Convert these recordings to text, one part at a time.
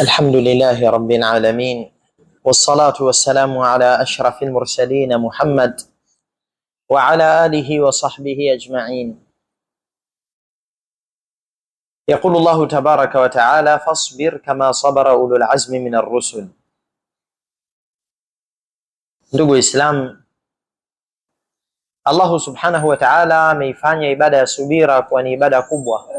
الحمد لله رب العالمين والصلاة والسلام على أشرف المرسلين محمد وعلى آله وصحبه أجمعين يقول الله تبارك وتعالى فاصبر كما صبر أولو العزم من الرسل ndugu Islam, Allahu subhanahu wa ta'ala ameifanya ibada ya subira kuwa ni ibada kubwa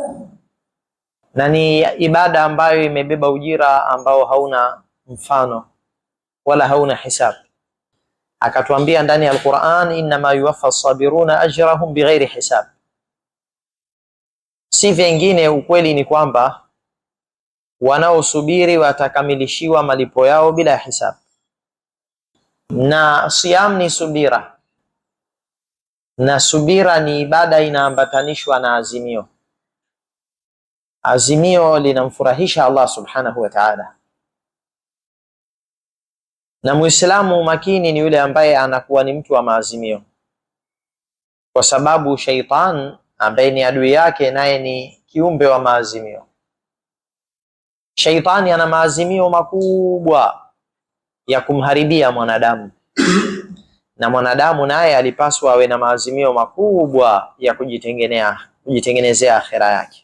na ni ibada ambayo imebeba ujira ambao hauna mfano wala hauna hisabu. Akatuambia ndani ya Alquran, innama yuwaffa sabiruna ajrahum bighairi hisab, si vingine. Ukweli ni kwamba wanaosubiri watakamilishiwa malipo yao bila hisab na siyam ni subira, na subira ni ibada inaambatanishwa na azimio azimio linamfurahisha Allah subhanahu wa ta'ala, na muislamu makini ni yule ambaye anakuwa ni mtu wa maazimio, kwa sababu shaitan ambaye ni adui yake naye ni kiumbe wa maazimio. Shaitani ana maazimio makubwa ya kumharibia mwanadamu na mwanadamu naye alipaswa awe na maazimio makubwa ya kujitengenea kujitengenezea akhera yake.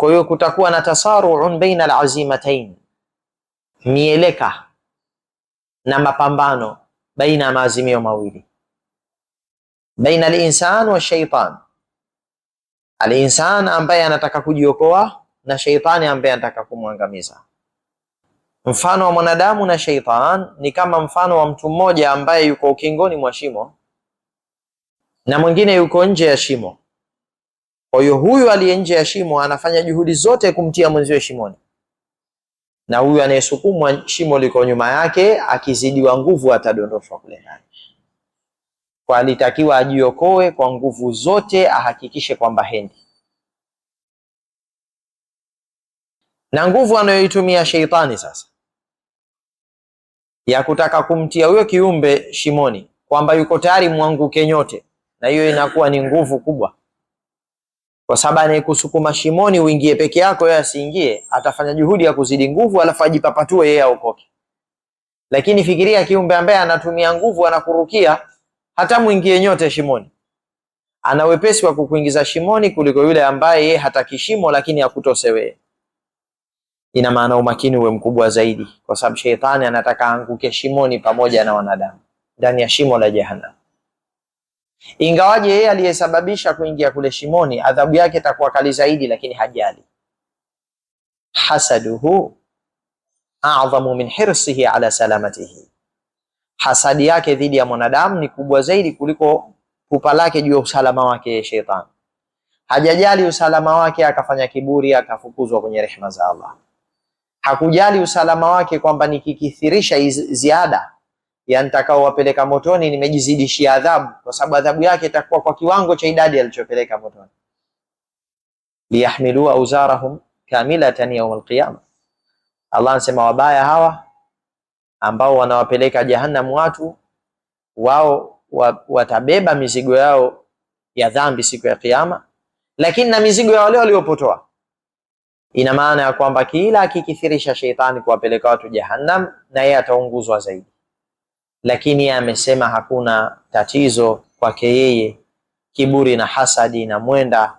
Kwa hiyo kutakuwa na tasaruun baina alazimatain, mieleka na mapambano baina ya maazimio mawili, baina alinsan wa shaitan, alinsan ambaye anataka kujiokoa na shaitani ambaye anataka kumwangamiza. Mfano wa mwanadamu na shaitan ni kama mfano wa mtu mmoja ambaye yuko ukingoni mwa shimo na mwingine yuko nje ya shimo. Kwa hiyo huyu aliye nje ya shimo anafanya juhudi zote kumtia mwenziwe shimoni, na huyu anayesukumwa shimo liko nyuma yake, akizidiwa nguvu atadondoshwa kule ndani. Kwa alitakiwa ajiokoe kwa nguvu zote, ahakikishe kwamba hendi na nguvu anayoitumia sheitani sasa ya kutaka kumtia huyo kiumbe shimoni, kwamba yuko tayari mwanguke nyote, na hiyo inakuwa ni nguvu kubwa kwa sababu anayekusukuma shimoni uingie peke yako, yeye asiingie, atafanya juhudi ya kuzidi nguvu, alafu ajipapatue yeye aokoke. Lakini fikiria kiumbe ambaye anatumia nguvu, anakurukia hata mwingie nyote shimoni, ana wepesi wa kukuingiza shimoni kuliko yule ambaye yeye hataki shimo, lakini akutose Ina maana umakini uwe mkubwa zaidi, kwa sababu sheitani anataka anguke shimoni pamoja na wanadamu ndani ya shimo la jehanamu. Ingawaje yeye aliyesababisha kuingia kule shimoni adhabu yake itakuwa kali zaidi, lakini hajali. Hasaduhu a'zamu min hirsihi ala salamatihi, hasadi yake dhidi ya mwanadamu ni kubwa zaidi kuliko pupa lake juu ya usalama wake. Shetani hajajali usalama wake, akafanya kiburi, akafukuzwa kwenye rehema za Allah. Hakujali usalama wake kwamba nikikithirisha ziada ya yantakawapeleka motoni, nimejizidishia adhabu, kwa sababu adhabu yake itakuwa kwa kiwango cha idadi alichopeleka motoni. liyahmilu auzarahum kamilatan yawm alqiyama, Allah anasema wabaya hawa ambao wanawapeleka jahannam watu wao watabeba mizigo yao ya dhambi siku ya Kiyama, lakini na mizigo ya wale waliopotoa. Ina maana ya kwamba kila akikithirisha sheitani kuwapeleka watu jahannam, na yeye ataunguzwa zaidi lakini amesema hakuna tatizo kwake yeye, kiburi na hasadi mwenda.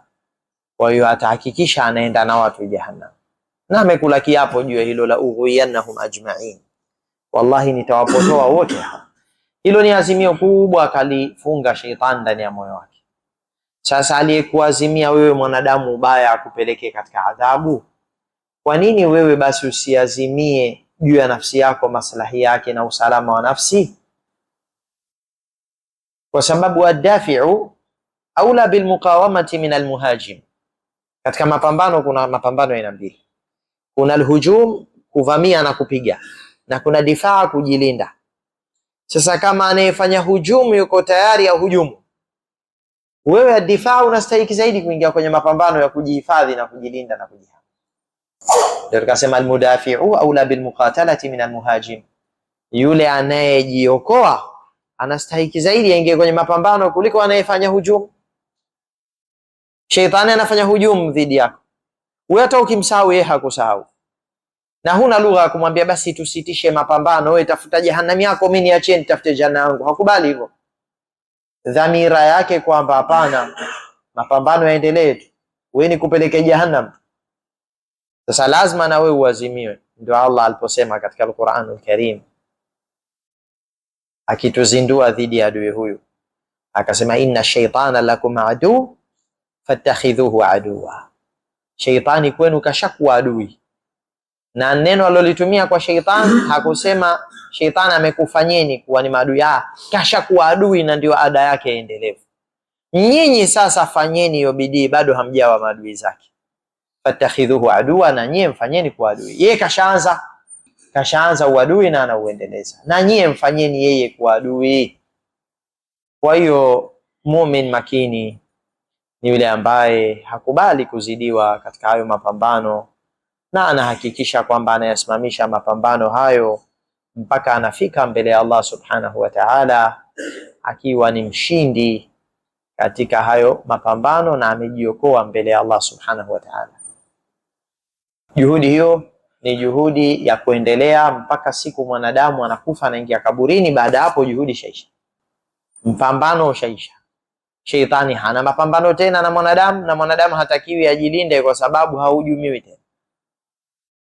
kwa hiyo atahakikisha anaenda na watu jahannam, na amekula kiapo juu ya hilo la ughwiyannahum ajma'in, wallahi nitawapotoa wote. Hilo ni azimio kubwa akalifunga shetani ndani ya moyo wake. Sasa aliyekuazimia wewe mwanadamu ubaya akupeleke katika adhabu, kwa nini wewe basi usiazimie juu ya nafsi yako, maslahi yake na usalama wa nafsi kwa sababu adafiu aula bilmuqawamati min almuhajim. Katika mapambano kuna mapambano aina mbili, kuna alhujum, kuvamia na kupiga, na kuna difaa, kujilinda. Sasa kama anayefanya hujumu yuko tayari ya hujumu, wewe adifaa unastahiki zaidi kuingia kwenye mapambano ya kujihifadhi na kujilinda na kujihami. Ndio tukasema almudafiu aula bilmuqatalati min almuhajim, yule anayejiokoa anastahiki zaidi aingie kwenye mapambano kuliko anayefanya hujumu. Sheitani anafanya hujumu dhidi yako wewe, hata ukimsahau yeye hakusahau, na huna lugha ya kumwambia basi tusitishe mapambano, wewe tafuta jehanamu yako, mimi niachie nitafute jana yangu. Hakubali hivyo, dhamira yake kwamba hapana, mapambano yaendelee tu, wewe nikupeleke jehanamu. Sasa lazima na wewe uazimiwe, ndio Allah aliposema katika al quran al Karim akituzindua dhidi ya adui huyu, akasema inna shaitana lakum adu fattakhidhuhu aduwa, shaitani kwenu kashakuwa adui. Na neno alilotumia kwa shaitani hakusema shaitani amekufanyeni kuwa ni maadui, ah, kashakuwa adui na ndio ada yake endelevu. Nyinyi sasa fanyeni hiyo bidii, bado hamjawa maadui zake. Fattakhidhuhu aduwa, na nyie mfanyeni kuwa adui, yeye kashaanza kashaanza uadui na anauendeleza, na nyie mfanyeni yeye kuwa adui. Kwa hiyo muumini makini ni yule ambaye hakubali kuzidiwa katika hayo mapambano na anahakikisha kwamba anayasimamisha mapambano hayo mpaka anafika mbele ya Allah subhanahu wa ta'ala, akiwa ni mshindi katika hayo mapambano na amejiokoa mbele ya Allah subhanahu wa ta'ala. Juhudi hiyo ni juhudi ya kuendelea mpaka siku mwanadamu anakufa anaingia kaburini. Baada hapo, juhudi shaisha, mpambano ushaisha. Sheitani hana mapambano tena na mwanadamu, na mwanadamu hatakiwi ajilinde, kwa sababu haujumiwi tena.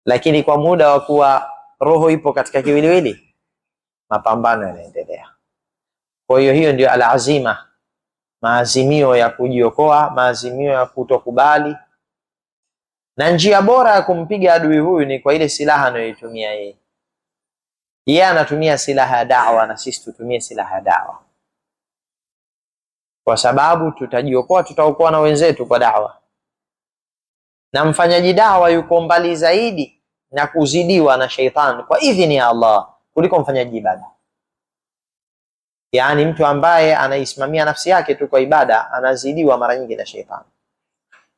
Lakini kwa muda wa kuwa roho ipo katika kiwiliwili, mapambano yanaendelea. Kwa hiyo, hiyo ndio alazima, maazimio ya kujiokoa, maazimio ya kutokubali na njia bora ya kumpiga adui huyu ni kwa ile silaha anayoitumia yeye. Yeye anatumia silaha ya dawa, na sisi tutumie silaha ya dawa, kwa sababu tutajiokoa, tutaokoa na wenzetu kwa dawa, na mfanyaji dawa yuko mbali zaidi na kuzidiwa na sheitani kwa idhini ya Allah kuliko mfanyaji ibada. Yaani mtu ambaye anaisimamia nafsi yake tu kwa ibada anazidiwa mara nyingi na sheitani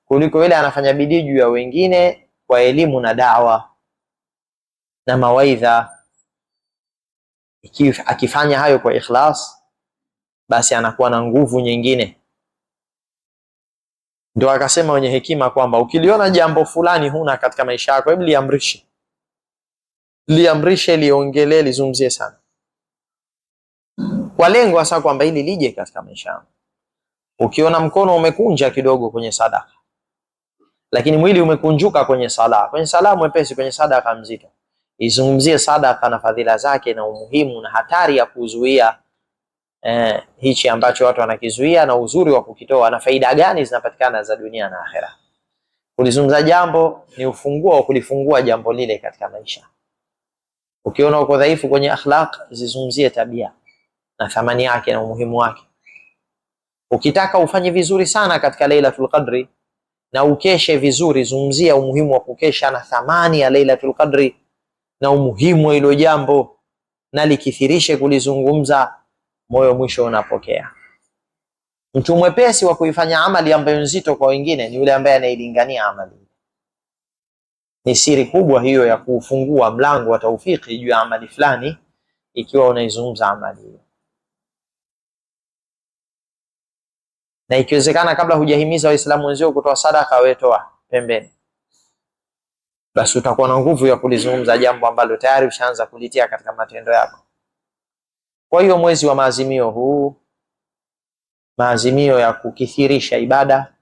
kuliko yule anafanya bidii juu ya wengine kwa elimu na dawa na mawaidha. akifanya hayo kwa ikhlas, basi anakuwa na nguvu nyingine. Ndio akasema wenye hekima kwamba ukiliona jambo fulani huna katika maisha yako, hebu liamrishe, liamrishe, liongelee, lizungumzie sana, kwa lengo hasa kwamba ili lije katika maisha yako. Ukiona mkono umekunja kidogo kwenye sadaka lakini mwili umekunjuka kwenye sala, kwenye sala mwepesi, kwenye sadaka mzito. Izungumzie sadaka na fadhila zake na umuhimu na hatari ya kuzuia eh, hichi ambacho watu wanakizuia na uzuri wa kukitoa na faida gani zinapatikana za dunia na akhera. Kulizungumza jambo ni ufunguo wa kulifungua jambo lile katika maisha. Ukiona uko dhaifu kwenye akhlaq, zizungumzie tabia na thamani yake na umuhimu wake. Ukitaka ufanye vizuri sana katika Lailatul Qadri na ukeshe vizuri. Zungumzia umuhimu wa kukesha na thamani ya Lailatul Qadri na umuhimu wa hilo jambo, na likithirishe kulizungumza, moyo mwisho unapokea. Mtu mwepesi wa kuifanya amali ambayo nzito kwa wengine ni yule ambaye anailingania amali. Ni siri kubwa hiyo ya kuufungua mlango wa taufiki juu ya amali fulani, ikiwa unaizungumza amali hiyo. na ikiwezekana, kabla hujahimiza Waislamu wenzio kutoa sadaka, wewe toa pembeni, basi utakuwa na nguvu ya kulizungumza jambo ambalo tayari ushaanza kulitia katika matendo yako. Kwa hiyo mwezi wa maazimio huu, maazimio ya kukithirisha ibada,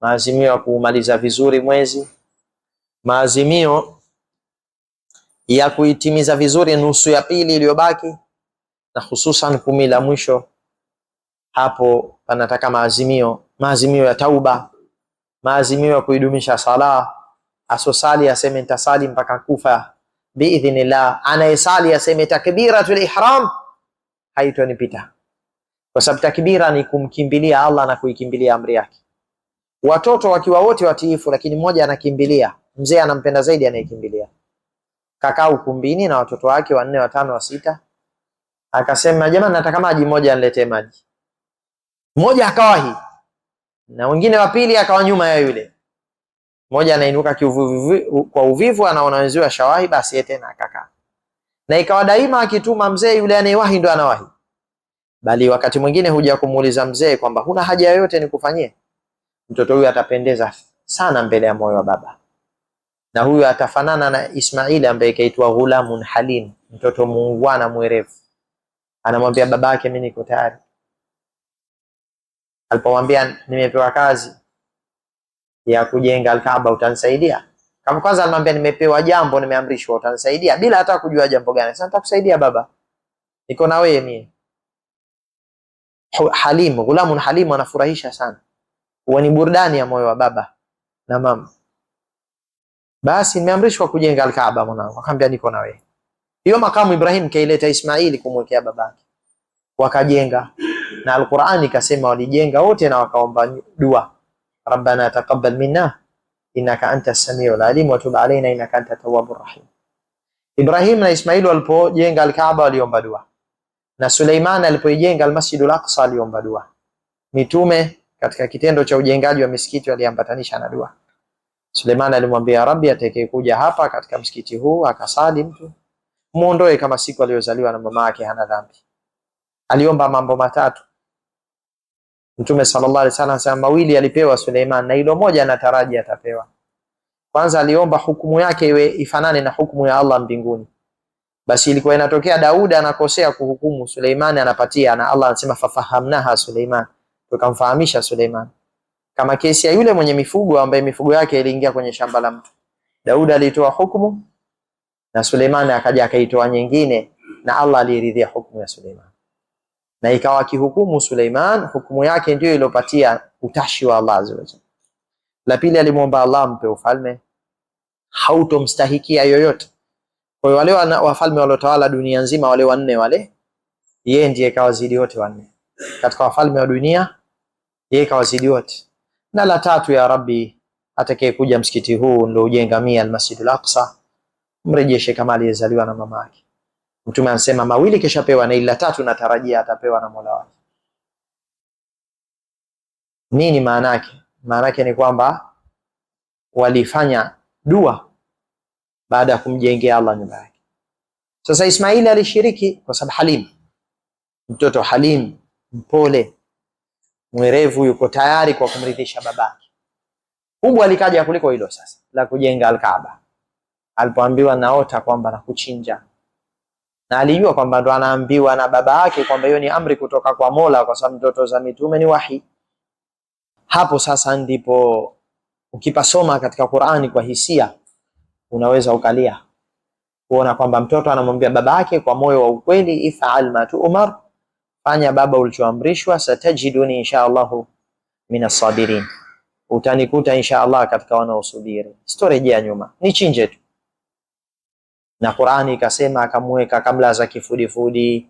maazimio ya kuumaliza vizuri mwezi, maazimio ya kuitimiza vizuri nusu ya pili iliyobaki, na hususan kumi la mwisho hapo panataka maazimio, maazimio ya tauba, maazimio ya kuidumisha sala. Asosali aseme nitasali mpaka kufa biidhnillah. Anayesali aseme takbiratul ihram haitonipita, kwa sababu takbira ni kumkimbilia Allah na kuikimbilia amri yake. Watoto wakiwa wote watiifu, lakini mmoja anakimbilia, mzee anampenda zaidi anayekimbilia. Kakaa ukumbini na watoto wake wanne, watano, wa sita, akasema jamani, nataka maji, moja, aniletee maji mmoja akawahi na wengine wa pili akawa nyuma ya yule mmoja, anainuka kwa uvivu, anaona wenzio ashawahi, basi yeye tena akakaa. Na ikawa daima akituma mzee, yule anayewahi ndo anawahi, bali wakati mwingine huja kumuuliza mzee kwamba huna haja yoyote nikufanyie? Mtoto huyu atapendeza sana mbele ya moyo wa baba, na huyu atafanana na Ismaili ambaye kaitwa ghulamun halim, mtoto muungwana mwerevu. Anamwambia babake, mimi niko tayari alipomwambia nimepewa kazi ya kujenga Alkaaba, utanisaidia? Kama kwanza alimwambia nimepewa jambo, nimeamrishwa, utanisaidia? Bila hata kujua jambo gani. Sasa nitakusaidia baba, niko na wewe mimi. Halimu, ghulamun halimu, anafurahisha sana, huwa ni burudani ya moyo wa baba na mama. Basi nimeamrishwa kujenga Alkaaba mwanangu, akamwambia niko na wewe. Hiyo makamu Ibrahim kaileta Ismaili kumwekea babake, wakajenga na Alqurani ikasema walijenga wote na wakaomba dua, rabbana taqabbal minna innaka anta samiul alim wa tub alaina innaka anta tawwabur rahim. Ibrahim na Ismail walipojenga Alkaaba waliomba dua, na Suleiman alipojenga Almasjidul Aqsa aliomba dua. Mitume katika kitendo cha ujengaji wa misikiti waliambatanisha na dua. Suleiman alimwambia Rabbi, atakayekuja hapa katika msikiti huu akasali mtu muondoe kama siku aliyozaliwa na mama yake, hana dhambi aliomba mambo matatu. Mtume sallallahu alaihi wasallam anasema mawili alipewa Suleiman na hilo moja anataraji atapewa. Kwanza aliomba hukumu yake iwe ifanane na hukumu ya Allah mbinguni. Basi ilikuwa inatokea Daudi anakosea kuhukumu, Suleiman anapatia, na Allah anasema fafahamnaha Suleiman, tukamfahamisha Suleiman. Kama kesi ya yule mwenye mifugo ambaye mifugo yake iliingia kwenye shamba la mtu. Daudi alitoa hukumu na Suleiman akaja akaitoa nyingine, na Allah aliridhia hukumu ya Suleiman na ikawa akihukumu Suleiman, hukumu yake ndio iliyopatia utashi wa Allah azza wa jalla. La pili, alimwomba Allah mpe ufalme, hautomstahikia yoyote. Kwa hiyo wale wafalme waliotawala dunia nzima, wale wanne wale, yeye ndiye kawazidi wote wanne katika wafalme wa dunia, yeye kawazidi wote. Na la tatu, ya Rabbi, atakayekuja msikiti huu ndio ujenga mia Almasjidul Aqsa, mrejeshe kama aliyezaliwa na mama yake. Mtume anasema mawili kishapewa na ila tatu natarajia atapewa na Mola wake. Nini maana yake? Maana yake ni kwamba walifanya dua baada ya kumjengea Allah nyumba yake. Sasa Ismaili alishiriki kwa sababu Halim, mtoto Halim, mpole, mwerevu, yuko tayari kwa kumridhisha babake. Kubwa likaja kuliko hilo sasa la kujenga Alkaaba, alipoambiwa naota kwamba nakuchinja na alijua kwamba ndo anaambiwa na baba yake kwamba hiyo ni amri kutoka kwa Mola, kwa sababu ndoto za mitume ni wahi. Hapo sasa ndipo ukipasoma katika Qur'ani kwa hisia, unaweza ukalia kuona kwamba mtoto anamwambia baba yake kwa moyo wa ukweli, ifal ma tu'mar, fanya baba ulichoamrishwa, satajiduni insha Allahu minas sabirin, utanikuta insha Allah katika wanaosubiri. Sitorejea nyuma, ni chinje tu na Qur'ani ikasema akamweka kabla za kifudifudi.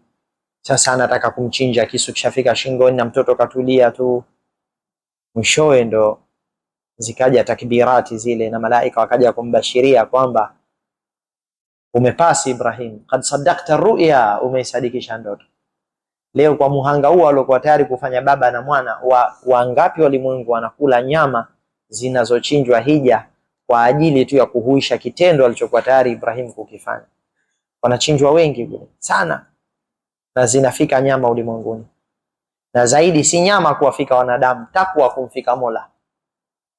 Sasa anataka kumchinja, kisu kishafika shingoni na mtoto katulia tu. Mwishowe ndo zikaja takbirati zile na malaika wakaja kumbashiria kwamba umepasi Ibrahim, kad sadakta ruya, umeisadikisha ndoto. Leo kwa muhanga huo aliokuwa tayari kufanya baba na mwana, wangapi wa walimwengu wanakula nyama zinazochinjwa hija kwa ajili tu ya kuhuisha kitendo alichokuwa tayari Ibrahim kukifanya. Wanachinjwa wengi kule sana, na zinafika nyama ulimwenguni, na zaidi si nyama kuwafika wanadamu, takwa kumfika Mola,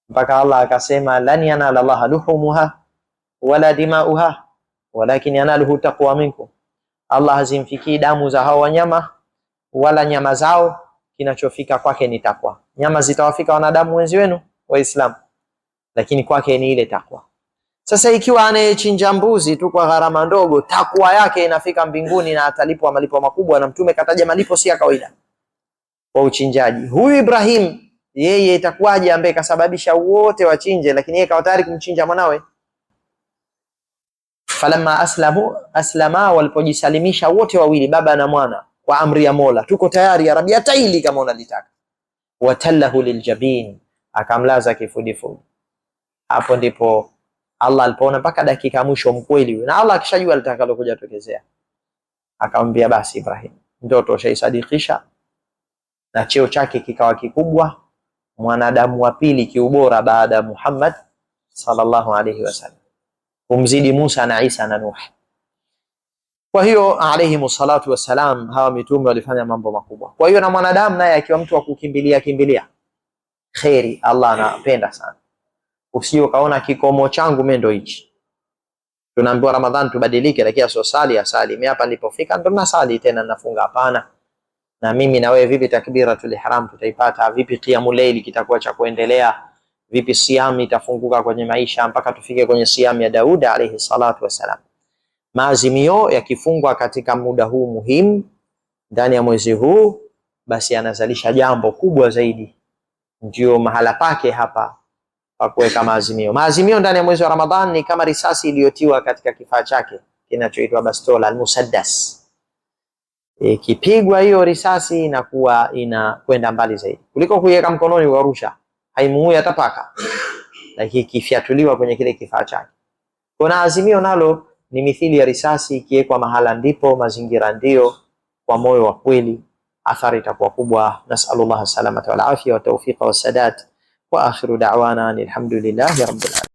mpaka Allah akasema lan yanala Allah luhumuha wala dimauha walakin yanaluhu taqwa minkum, Allah hazimfikii damu za hao wanyama wala nyama zao, kinachofika kwake ni takwa. Nyama zitawafika wanadamu wenzi wenu Waislamu lakini kwake ni ile takwa. Sasa ikiwa anayechinja mbuzi tu kwa gharama ndogo, takwa yake inafika mbinguni na atalipwa malipo makubwa, na Mtume kataja malipo si ya kawaida kwa uchinjaji. Huyu Ibrahim yeye itakuwaje, ambaye kasababisha wote wachinje, lakini yeye kawa tayari kumchinja mwanawe? Falamma aslamu aslama, walipojisalimisha wote wawili, baba na mwana, kwa amri ya Mola, tuko tayari ya Rabbi, hata hili kama unalitaka. Watallahu liljabin, akamlaza kifudifudi hapo ndipo Allah alipoona mpaka dakika ya mwisho mkweli, na Allah akishajua litakalokuja tokezea, akamwambia basi Ibrahim, ndoto ushaisadikisha na cheo chake kikawa kikubwa, mwanadamu wa pili kiubora baada ya Muhammad sallallahu alayhi wasallam, kumzidi Musa na Isa na Nuh. Kwa hiyo alayhi salatu wassalam, hawa mitume walifanya mambo makubwa. Kwa hiyo na mwanadamu naye akiwa mtu wa kukimbilia kimbilia kheri, Allah anapenda sana usije ukaona kikomo changu mimi ndo hichi. Tunaambiwa Ramadhani tubadilike, lakini sio sali asali, mimi hapa nilipofika ndo nasali tena nafunga, hapana. Na mimi na wewe vipi takbiratul ihram tutaipata vipi? Qiyamu layli kitakuwa cha kuendelea vipi? Siamu itafunguka kwenye maisha mpaka tufike kwenye siamu ya Dauda alayhi salatu wasalam. Maazimio yakifungwa katika muda huu muhimu ndani ya mwezi huu, basi anazalisha jambo kubwa zaidi, ndio mahala pake hapa kwa kuweka maazimio. Maazimio ndani ya mwezi wa Ramadhani ni kama risasi iliyotiwa katika kifaa chake kinachoitwa bastola almusaddas. Ikipigwa e, hiyo risasi inakuwa inakwenda mbali zaidi kuliko kuiweka mkononi ukarusha, haimuui hata paka, lakini ikifyatuliwa kwenye kile kifaa chake. Kuna azimio nalo ni mithili ya risasi, ikiwekwa mahala ndipo, mazingira ndio, kwa moyo wa kweli, athari itakuwa kubwa. Nasallallahu salamata wal afia wa tawfiqa wa sadat വാഹിറു ഡാവാനാൻ അലഹമുല്ലാ റബ്ബുലാൽ